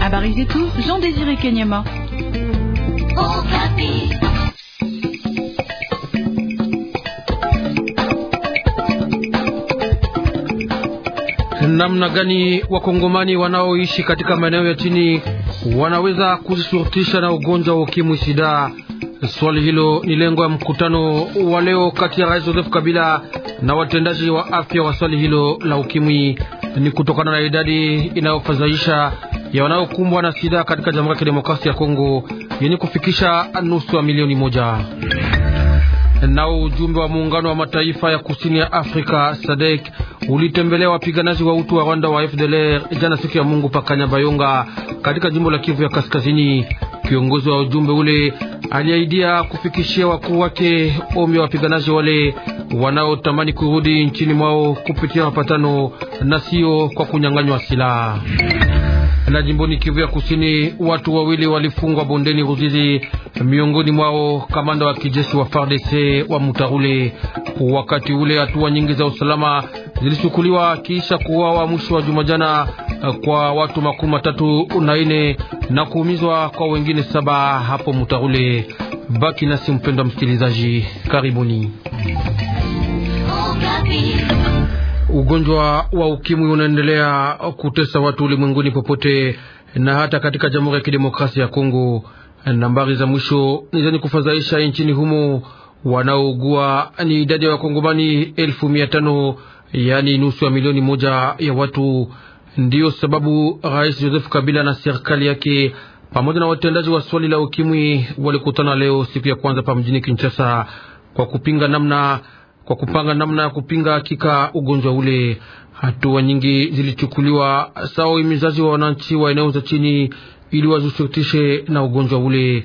Habari zetu Jean Désiré Kenyama. Namna gani wakongomani wanaoishi katika maeneo ya chini wanaweza kusurutisha na ugonjwa wa ukimwi sida? Swali hilo ni lengo ya mkutano wa leo kati ya Rais Joseph Kabila na watendaji wa afya wa swali hilo la ukimwi ni kutokana na idadi inayofadhaisha ya wanaokumbwa na sida katika Jamhuri ya Kidemokrasia ya Kongo yenye kufikisha nusu ya milioni moja. Nao ujumbe wa Muungano wa Mataifa ya Kusini ya Afrika sadek ulitembelea wapiganaji wa utu wa Rwanda wa FDLR jana siku ya Mungu pakanya bayonga katika jimbo la Kivu ya Kaskazini. Kiongozi wa ujumbe ule aliahidia kufikishia wakuu wake ombi ya wapiganaji wale wanaotamani kurudi nchini mwao kupitia mapatano na sio kwa kunyang'anywa silaha. Na jimboni Kivu ya Kusini, watu wawili walifungwa bondeni Ruzizi, miongoni mwao kamanda wa kijeshi wa FARDC wa Mutarule. Wakati ule hatua nyingi za usalama zilichukuliwa kisha kuuawa mwisho wa juma jana kwa watu makumi matatu na ine na kuumizwa kwa wengine saba hapo Mutarule. Baki nasi mpendwa msikilizaji, karibuni. Ugonjwa wa ukimwi unaendelea kutesa watu ulimwenguni popote na hata katika Jamhuri ya Kidemokrasia ya Kongo. Nambari za mwisho ni zenye kufadhaisha nchini humo. Wanaougua ni idadi ya Wakongomani elfu mia tano yaani nusu ya milioni moja ya watu Ndiyo sababu Rais Joseph Kabila na serikali yake pamoja na watendaji wa swali la ukimwi walikutana leo siku ya kwanza pa mjini Kinshasa kwa kupinga namna kwa kupanga namna ya kupinga hakika ugonjwa ule. Hatua nyingi zilichukuliwa sawa uhimizaji wa wananchi wa eneo za chini ili wajishurutishe na ugonjwa ule.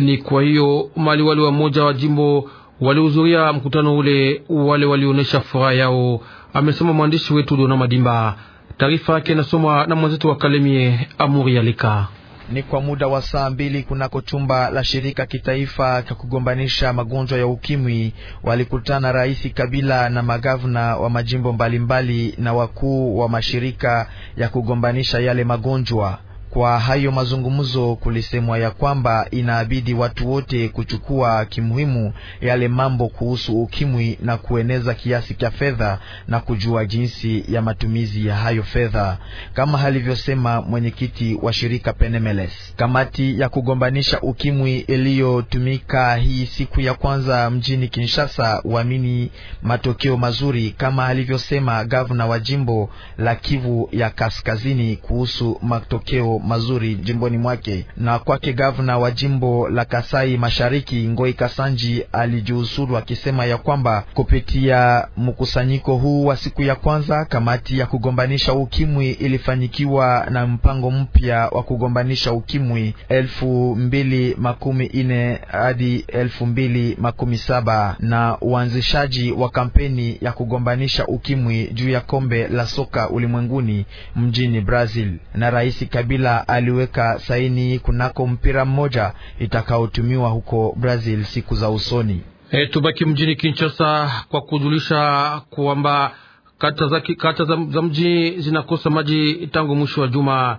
Ni kwa hiyo mali wale wa moja wa jimbo walihudhuria mkutano ule, wale walionyesha furaha yao, amesema mwandishi wetu Dona Madimba. Taarifa yake inasomwa na mwenzetu wa Kalemie, Amuri Alika ni kwa muda wa saa mbili kunako chumba la shirika kitaifa cha kugombanisha magonjwa ya ukimwi walikutana Rais Kabila na magavana wa majimbo mbalimbali na wakuu wa mashirika ya kugombanisha yale magonjwa kwa hayo mazungumzo kulisemwa ya kwamba inaabidi watu wote kuchukua kimuhimu yale mambo kuhusu ukimwi na kueneza kiasi cha fedha na kujua jinsi ya matumizi ya hayo fedha, kama alivyosema mwenyekiti wa shirika Penemeles. Kamati ya kugombanisha ukimwi iliyotumika hii siku ya kwanza mjini Kinshasa uamini matokeo mazuri, kama alivyosema gavana wa jimbo la Kivu ya Kaskazini kuhusu matokeo mazuri jimboni mwake. Na kwake gavana wa jimbo la Kasai Mashariki Ngoi Kasanji alijiuzulu akisema ya kwamba kupitia mkusanyiko huu wa siku ya kwanza, kamati ya kugombanisha ukimwi ilifanyikiwa na mpango mpya wa kugombanisha ukimwi elfu mbili makumi ine hadi elfu mbili makumi saba na uanzishaji wa kampeni ya kugombanisha ukimwi juu ya kombe la soka ulimwenguni mjini Brazil na Rais Kabila aliweka saini kunako mpira mmoja itakaotumiwa huko Brazil siku za usoni. Hey, tubaki mjini Kinshasa kwa kujulisha kwamba kata za, kata za, za mji zinakosa maji tangu mwisho wa juma.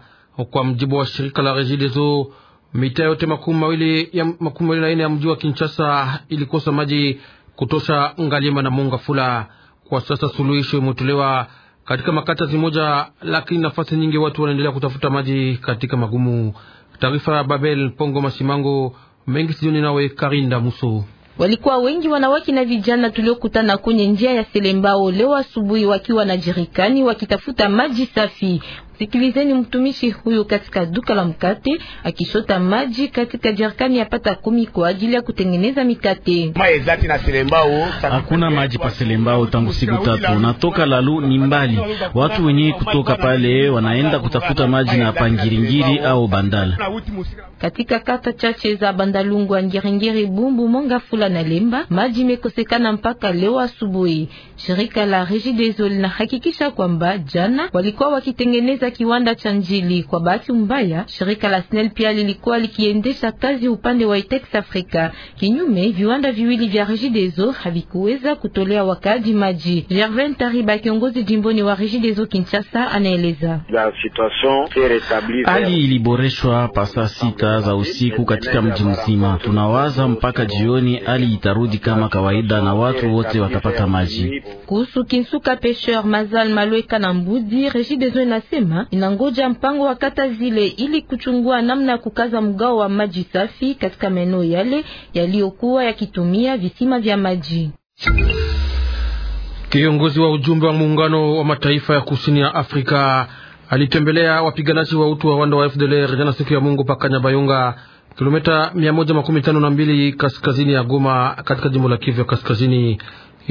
Kwa mjibu wa shirika la Regideso, mitaa yote makumi mawili na nne ya mji wa Kinshasa ilikosa maji kutosha Ngaliema na mungafula Kwa sasa suluhisho imetolewa katika makata zimoja, lakini nafasi nyingi watu wanaendelea kutafuta maji katika magumu. Taarifa ya Babel Pongo Masimango mengi sijoni, nawe Karinda Muso. Walikuwa wengi wanawake na vijana tuliokutana kwenye njia ya Selembao leo asubuhi, wakiwa na jerikani wakitafuta maji safi. Sikilizeni mtumishi huyu katika duka la mkate akishota maji katika jerikani pata kumi kwa ajili ya kutengeneza mikate. Hakuna maji pa Selembao tangu siku tatu, natoka Lalu ni mbali. Watu wenye kutoka pale wanaenda kutafuta maji na Pangiringiri au Bandala. Katika kata chache za Bandalungwa, Ngiringiri, Bumbu, Fula na Lemba maji mekosekana mpaka leo asubuhi. Shirika la Regideso linahakikisha kwamba jana walikuwa wakitengeneza katika kiwanda cha Njili. Kwa bahati mbaya, shirika la SNEL pia lilikuwa likiendesha kazi upande wa Itex Africa. Kinyume, viwanda viwili vya Regideso havikuweza kutolea wakazi maji. Gervain Tariba, kiongozi jimboni wa Regideso Kinshasa, anaeleza hali iliboreshwa pasa sita za usiku katika mji mzima. Tunawaza mpaka jioni hali itarudi kama kawaida na watu wote watapata maji. Kuhusu Kinsuka Pesheur Mazal Malweka na Mbudi, Regideso inasema silaha inangoja mpango wa kata zile ili kuchungua namna ya kukaza mgao wa maji safi katika maeneo yale yaliyokuwa yakitumia visima vya maji. Kiongozi wa ujumbe wa muungano wa mataifa ya kusini ya Afrika alitembelea wapiganaji wa utu wa Rwanda wa FDLR jana siku ya Mungu paka Nyabayonga, kilomita mbili kaskazini ya Goma katika jimbo la Kivu ya Kaskazini.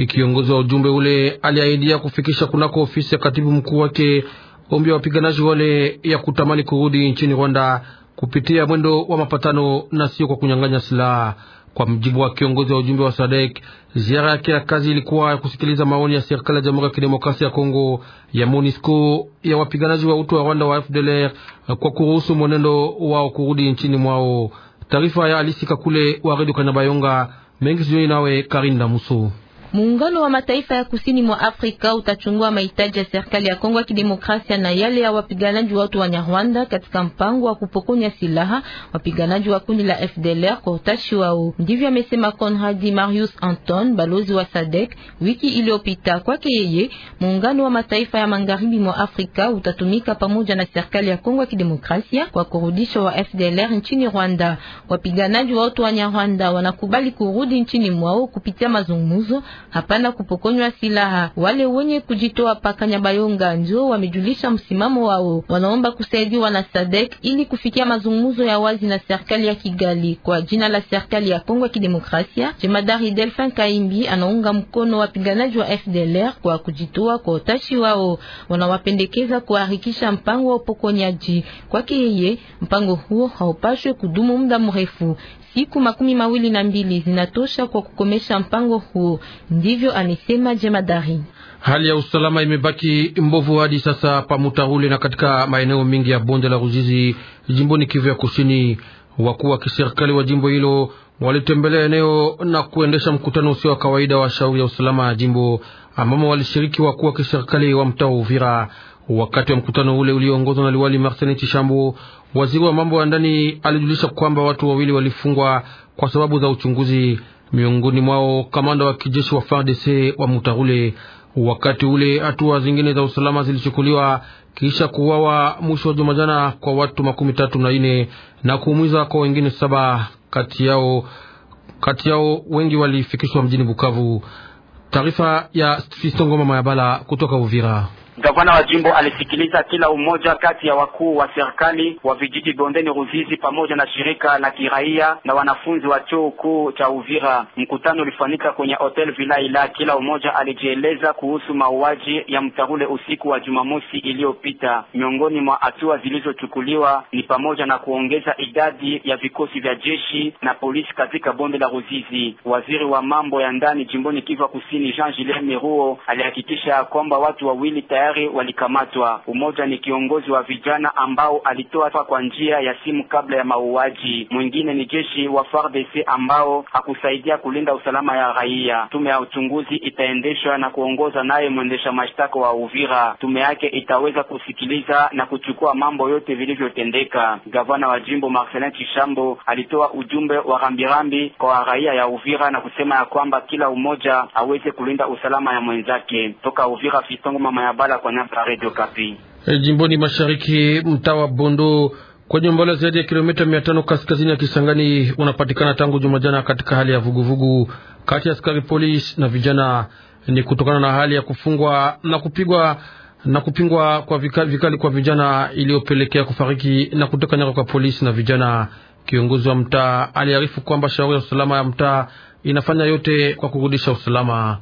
Kiongozi wa ujumbe ule aliahidia kufikisha kunako ofisi ya katibu mkuu wake ombi ya wapiganaji wale ya kutamani kurudi nchini Rwanda kupitia mwendo wa mapatano na sio kwa kunyang'anya silaha. Kwa mjibu wa kiongozi wa ujumbe wa SADC, ziara yake ya kazi ilikuwa ya kusikiliza maoni ya serikali ya Jamhuri ya Kidemokrasia ya Kongo, ya MONUSCO, ya wapiganaji wa utu wa Rwanda wa FDLR kwa kuruhusu mwenendo wao kurudi nchini mwao. Taarifa ya alisika kule wa Radio Kanabayonga mengi sijoi nawe Karinda Musu. Muungano wa mataifa ya kusini mwa Afrika utachungua mahitaji ya serikali ya Kongo ya Kidemokrasia na yale ya wapiganaji watu wa Nyarwanda katika mpango wa kupokonya silaha wapiganaji wa kundi la FDLR kwa utashi wao. Ndivyo amesema Conradi Marius Anton, balozi wa SADC wiki iliyopita. Kwake yeye, muungano wa mataifa ya magharibi mwa Afrika utatumika pamoja na serikali ya Kongo ya Kidemokrasia kwa kurudisha wa FDLR nchini Rwanda. Wapiganaji watu wa Nyarwanda wanakubali kurudi nchini mwao kupitia mazungumzo hapana kupokonywa silaha. Wale wenye kujitoa paka Nyabayonga ndio wamejulisha msimamo wao, wanaomba kusaidiwa na SADC ili kufikia mazungumzo ya wazi na serikali ya Kigali. Kwa jina la serikali ya Kongo ya Kidemokrasia, jemadari Delphin Kaimbi anaunga mkono wapiganaji wa FDLR kwa kujitoa kwa utashi wao, wanawapendekeza kuharikisha mpango wa upokonyaji. Kwake yeye, mpango huo haupashwe kudumu muda mrefu siku makumi mawili na mbili zinatosha kwa kukomesha mpango huo, ndivyo amesema jemadari. Hali ya usalama imebaki mbovu hadi sasa Pamutahule na katika maeneo mingi ya bonde la Ruzizi jimboni Kivu ya Kusini. Wakuu wa kiserikali wa jimbo hilo walitembelea eneo na kuendesha mkutano usio wa kawaida wa shauri ya usalama ya jimbo ambamo walishiriki wakuu wa kiserikali wa mtaa Uvira. Wakati wa mkutano ule ulioongozwa na liwali Marcel Chishambo, Waziri wa mambo ya ndani alijulisha kwamba watu wawili walifungwa kwa sababu za uchunguzi, miongoni mwao kamanda wa kijeshi wa FARDC wa Mutarule. Wakati ule hatua zingine za usalama zilichukuliwa kisha kuwawa mwisho wa Jumajana kwa watu makumi tatu na nne na kuumiza kwa wengine saba, kati yao kati yao wengi walifikishwa mjini Bukavu. Taarifa ya Fistongo Mama Yabala kutoka Uvira. Gavana wa jimbo alisikiliza kila umoja kati ya wakuu wa serikali wa vijiji bondeni Ruzizi pamoja na shirika la kiraia na wanafunzi wa chuo kuu cha Uvira. Mkutano ulifanyika kwenye hotel Vilaila. Kila umoja alijieleza kuhusu mauaji ya mtarule usiku wa Jumamosi iliyopita. Miongoni mwa hatua zilizochukuliwa ni pamoja na kuongeza idadi ya vikosi vya jeshi na polisi katika bonde la Ruzizi. Waziri wa mambo ya ndani jimboni Kivu Kusini, Jean Julien Meruo, alihakikisha kwamba watu wawili tayari tayari walikamatwa. Umoja ni kiongozi wa vijana ambao alitoa kwa njia ya simu kabla ya mauaji. Mwingine ni jeshi wa FARDC ambao hakusaidia kulinda usalama ya raia. Tume ya uchunguzi itaendeshwa na kuongoza naye mwendesha mashtaka wa Uvira. Tume yake itaweza kusikiliza na kuchukua mambo yote vilivyotendeka. Gavana wa jimbo Marcelin Chishambo alitoa ujumbe wa rambirambi kwa raia ya Uvira na kusema ya kwamba kila umoja aweze kulinda usalama ya mwenzake. Toka Uvira, Fistongo mama ya bala kwa kwa ya Radio Kapi. E, jimboni mashariki mtaa wa Bondo kwenye umbali zaidi ya kilomita mia tano kaskazini ya Kisangani unapatikana tangu Jumajana katika hali ya vuguvugu kati ya askari polisi na vijana. Ni kutokana na hali ya kufungwa na kupigwa na kupingwa kwa vikali, vikali kwa vijana iliyopelekea kufariki na kuteka nyara kwa polisi na vijana. Kiongozi wa mtaa aliarifu kwamba shauri ya usalama ya mtaa inafanya yote kwa kurudisha usalama.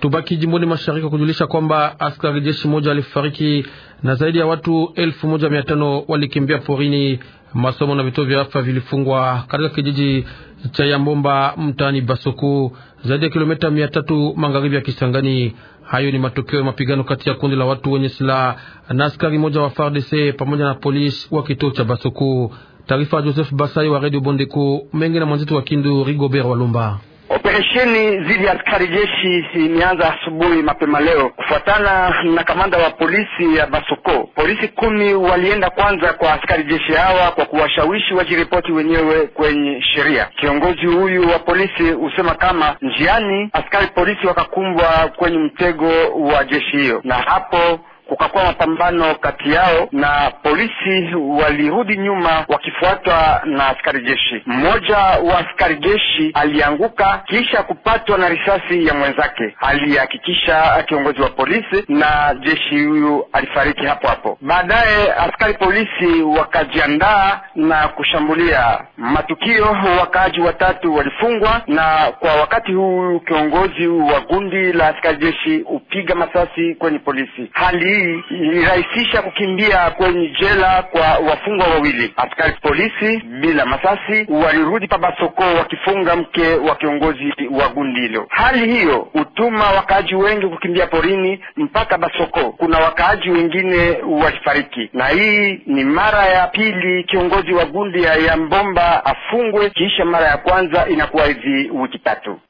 Tubaki jimboni mashariki kujulisha kwamba askari jeshi moja alifariki na zaidi ya watu elfu moja mia tano walikimbia porini. Masomo na vituo vya afya vilifungwa katika kijiji cha Yambomba mtaani Basoko, zaidi ya kilomita mia tatu magharibi ya Kisangani. Hayo ni matokeo ya mapigano kati ya kundi la watu wenye silaha na askari moja wa FARDC pamoja na polisi wa kituo cha Basoko. Taarifa ya Joseph Basai wa Redio Bondeko Mengi na mwenzetu wa Kindu Rigobert Walumba. Operesheni dhidi ya askari jeshi imeanza asubuhi mapema leo kufuatana na kamanda wa polisi ya Basoko. Polisi kumi walienda kwanza kwa askari jeshi hawa kwa kuwashawishi wajiripoti wenyewe kwenye sheria. Kiongozi huyu wa polisi husema kama njiani askari polisi wakakumbwa kwenye mtego wa jeshi hiyo, na hapo kukakuwa mapambano kati yao na polisi, walirudi nyuma wakifuatwa na askari jeshi. Mmoja wa askari jeshi alianguka kisha kupatwa na risasi ya mwenzake, alihakikisha kiongozi wa polisi, na jeshi huyu alifariki hapo hapo. Baadaye askari polisi wakajiandaa na kushambulia matukio, wakaaji watatu walifungwa, na kwa wakati huu kiongozi wa kundi la askari jeshi upiga masasi kwenye polisi hali hii ilirahisisha kukimbia kwenye jela kwa wafungwa wawili. Askari polisi bila masasi walirudi Pabasoko wakifunga mke wa kiongozi wa gundi hilo. Hali hiyo hutuma wakaaji wengi kukimbia porini mpaka Basoko. Kuna wakaaji wengine walifariki, na hii ni mara ya pili kiongozi wa gundi ya, Yambomba afungwe, kisha mara ya kwanza inakuwa hivi wiki tatu.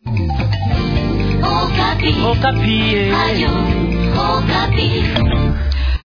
Okapi. Okapi. Eh. Okapi.